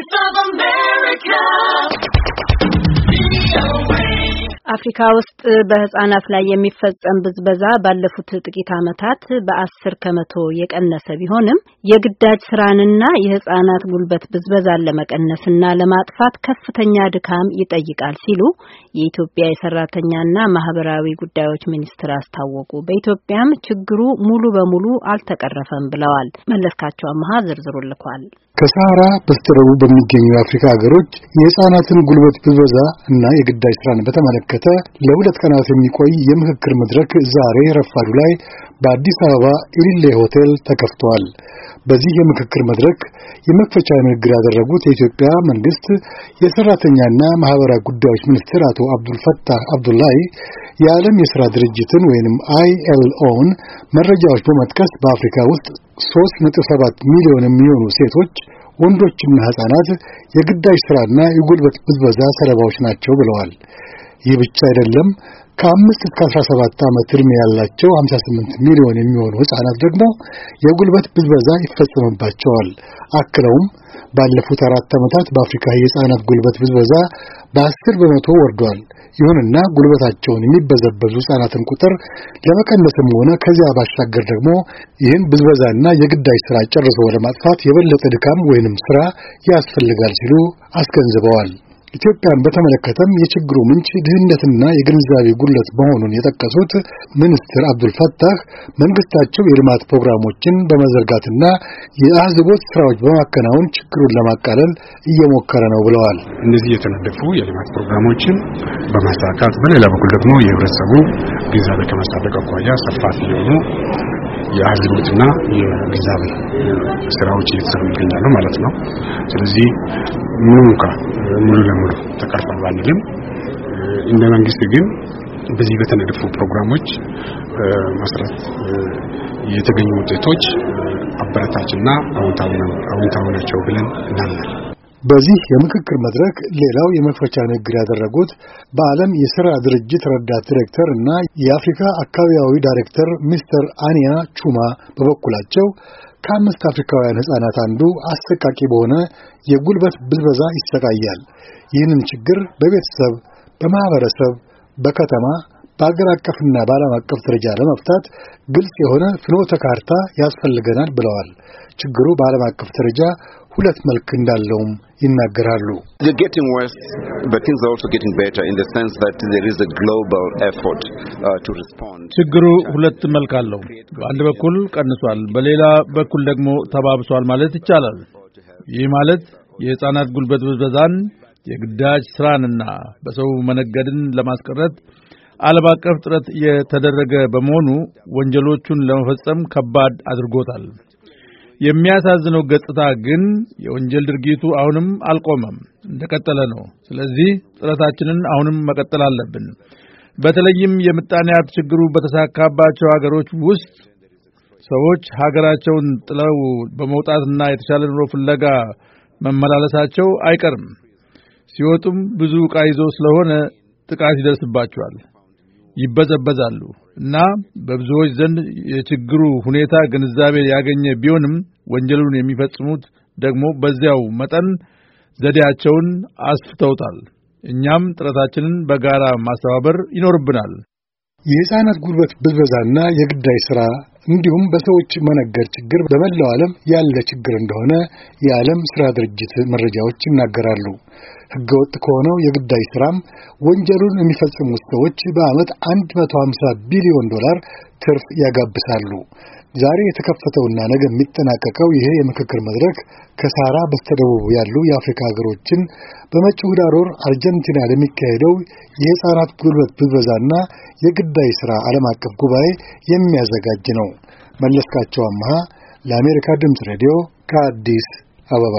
101.5 አፍሪካ ውስጥ በህጻናት ላይ የሚፈጸም ብዝበዛ ባለፉት ጥቂት ዓመታት በአስር ከመቶ የቀነሰ ቢሆንም የግዳጅ ስራንና የህጻናት ጉልበት ብዝበዛን ለመቀነስና ለማጥፋት ከፍተኛ ድካም ይጠይቃል ሲሉ የኢትዮጵያ የሰራተኛና ማህበራዊ ጉዳዮች ሚኒስትር አስታወቁ። በኢትዮጵያም ችግሩ ሙሉ በሙሉ አልተቀረፈም ብለዋል። መለስካቸው አመሀ ዝርዝሩ ልኳል። ከሰሃራ በስተደቡብ በሚገኙ የአፍሪካ ሀገሮች የህጻናትን ጉልበት ብዝበዛ እና የግዳጅ ስራን በተመለከተ የተመለከተ ለሁለት ቀናት የሚቆይ የምክክር መድረክ ዛሬ ረፋዱ ላይ በአዲስ አበባ ኢሊሌ ሆቴል ተከፍቷል። በዚህ የምክክር መድረክ የመክፈቻ ንግግር ያደረጉት የኢትዮጵያ መንግስት የሰራተኛና ማህበራዊ ጉዳዮች ሚኒስትር አቶ አብዱልፈታህ አብዱላይ የዓለም የሥራ ድርጅትን ወይንም አይኤልኦውን መረጃዎች በመጥቀስ በአፍሪካ ውስጥ 3.7 ሚሊዮን የሚሆኑ ሴቶች ወንዶችና ህፃናት የግዳጅ ሥራና የጉልበት ብዝበዛ ሰለባዎች ናቸው ብለዋል። ይህ ብቻ አይደለም። ከአምስት እስከ 17 ዓመት ዕድሜ ያላቸው 58 ሚሊዮን የሚሆኑ ሕፃናት ደግሞ የጉልበት ብዝበዛ ይፈጸምባቸዋል። አክለውም ባለፉት አራት ዓመታት በአፍሪካ የሕፃናት ጉልበት ብዝበዛ በ10 በመቶ ወርዷል። ይሁንና ጉልበታቸውን የሚበዘበዙ ሕፃናትን ቁጥር ለመቀነስም ሆነ ከዚያ ባሻገር ደግሞ ይህን ብዝበዛና የግዳጅ ሥራ ጨርሶ ለማጥፋት የበለጠ ድካም ወይንም ሥራ ያስፈልጋል ሲሉ አስገንዝበዋል። ኢትዮጵያን በተመለከተም የችግሩ ምንጭ ድህነትና የግንዛቤ ጉድለት መሆኑን የጠቀሱት ሚኒስትር አብዱልፈታህ መንግስታቸው የልማት ፕሮግራሞችን በመዘርጋትና የአህዝቦት ስራዎች በማከናወን ችግሩን ለማቃለል እየሞከረ ነው ብለዋል። እነዚህ የተነደፉ የልማት ፕሮግራሞችን በማሳካት በሌላ በኩል ደግሞ የህብረተሰቡ ግንዛቤ ከማሳደቅ አኳያ ሰፋፊ የሆኑ የአህዝቦትና የግንዛቤ ስራዎች እየተሰሩ ይገኛሉ ማለት ነው። ስለዚህ ምንም እንኳ ሙሉ ለሙሉ ተቀርፏል ባንልም እንደ መንግስት ግን በዚህ በተነደፉ ፕሮግራሞች መሰረት የተገኙ ውጤቶች አበረታችና አዎንታዊ ናቸው ብለን እናምናለን። በዚህ የምክክር መድረክ ሌላው የመክፈቻ ንግግር ያደረጉት በዓለም የሥራ ድርጅት ረዳት ዲሬክተር እና የአፍሪካ አካባቢያዊ ዳይሬክተር ሚስተር አኒያ ቹማ በበኩላቸው ከአምስት አፍሪካውያን ሕፃናት አንዱ አሰቃቂ በሆነ የጉልበት ብዝበዛ ይሰቃያል። ይህንን ችግር በቤተሰብ፣ በማኅበረሰብ፣ በከተማ በአገር አቀፍና በዓለም አቀፍ ደረጃ ለመፍታት ግልጽ የሆነ ፍኖተ ካርታ ያስፈልገናል ብለዋል። ችግሩ በዓለም አቀፍ ደረጃ ሁለት መልክ እንዳለውም ይናገራሉ። uh, ችግሩ ሁለት መልክ አለው። በአንድ በኩል ቀንሷል፣ በሌላ በኩል ደግሞ ተባብሷል ማለት ይቻላል። ይህ ማለት የሕፃናት ጉልበት ብዝበዛን፣ የግዳጅ ሥራንና በሰው መነገድን ለማስቀረት ዓለም አቀፍ ጥረት የተደረገ በመሆኑ ወንጀሎቹን ለመፈጸም ከባድ አድርጎታል። የሚያሳዝነው ገጽታ ግን የወንጀል ድርጊቱ አሁንም አልቆመም፣ እንደቀጠለ ነው። ስለዚህ ጥረታችንን አሁንም መቀጠል አለብን። በተለይም የምጣኔ ሀብት ችግሩ በተሳካባቸው ሀገሮች ውስጥ ሰዎች ሀገራቸውን ጥለው በመውጣትና የተሻለ ኑሮ ፍለጋ መመላለሳቸው አይቀርም። ሲወጡም ብዙ ዕቃ ይዞ ስለሆነ ጥቃት ይደርስባቸዋል። ይበዘበዛሉ እና በብዙዎች ዘንድ የችግሩ ሁኔታ ግንዛቤ ያገኘ ቢሆንም ወንጀሉን የሚፈጽሙት ደግሞ በዚያው መጠን ዘዴያቸውን አስፍተውታል። እኛም ጥረታችንን በጋራ ማስተባበር ይኖርብናል። የሕፃናት ጉልበት ብዝበዛና የግዳይ ሥራ እንዲሁም በሰዎች መነገድ ችግር በመላው ዓለም ያለ ችግር እንደሆነ የዓለም ሥራ ድርጅት መረጃዎች ይናገራሉ። ህገወጥ ከሆነው የግዳይ ስራም ወንጀሉን የሚፈጽሙት ሰዎች በዓመት 150 ቢሊዮን ዶላር ትርፍ ያጋብሳሉ። ዛሬ የተከፈተውና ነገ የሚጠናቀቀው ይሄ የምክክር መድረክ ከሳራ በስተደቡብ ያሉ የአፍሪካ ሀገሮችን በመጪው ኅዳር ወር አርጀንቲና ለሚካሄደው የሕፃናት ጉልበት ብዝበዛና የግዳይ ሥራ ዓለም አቀፍ ጉባኤ የሚያዘጋጅ ነው። መለስካቸው አመሃ ለአሜሪካ ድምፅ ሬዲዮ ከአዲስ አበባ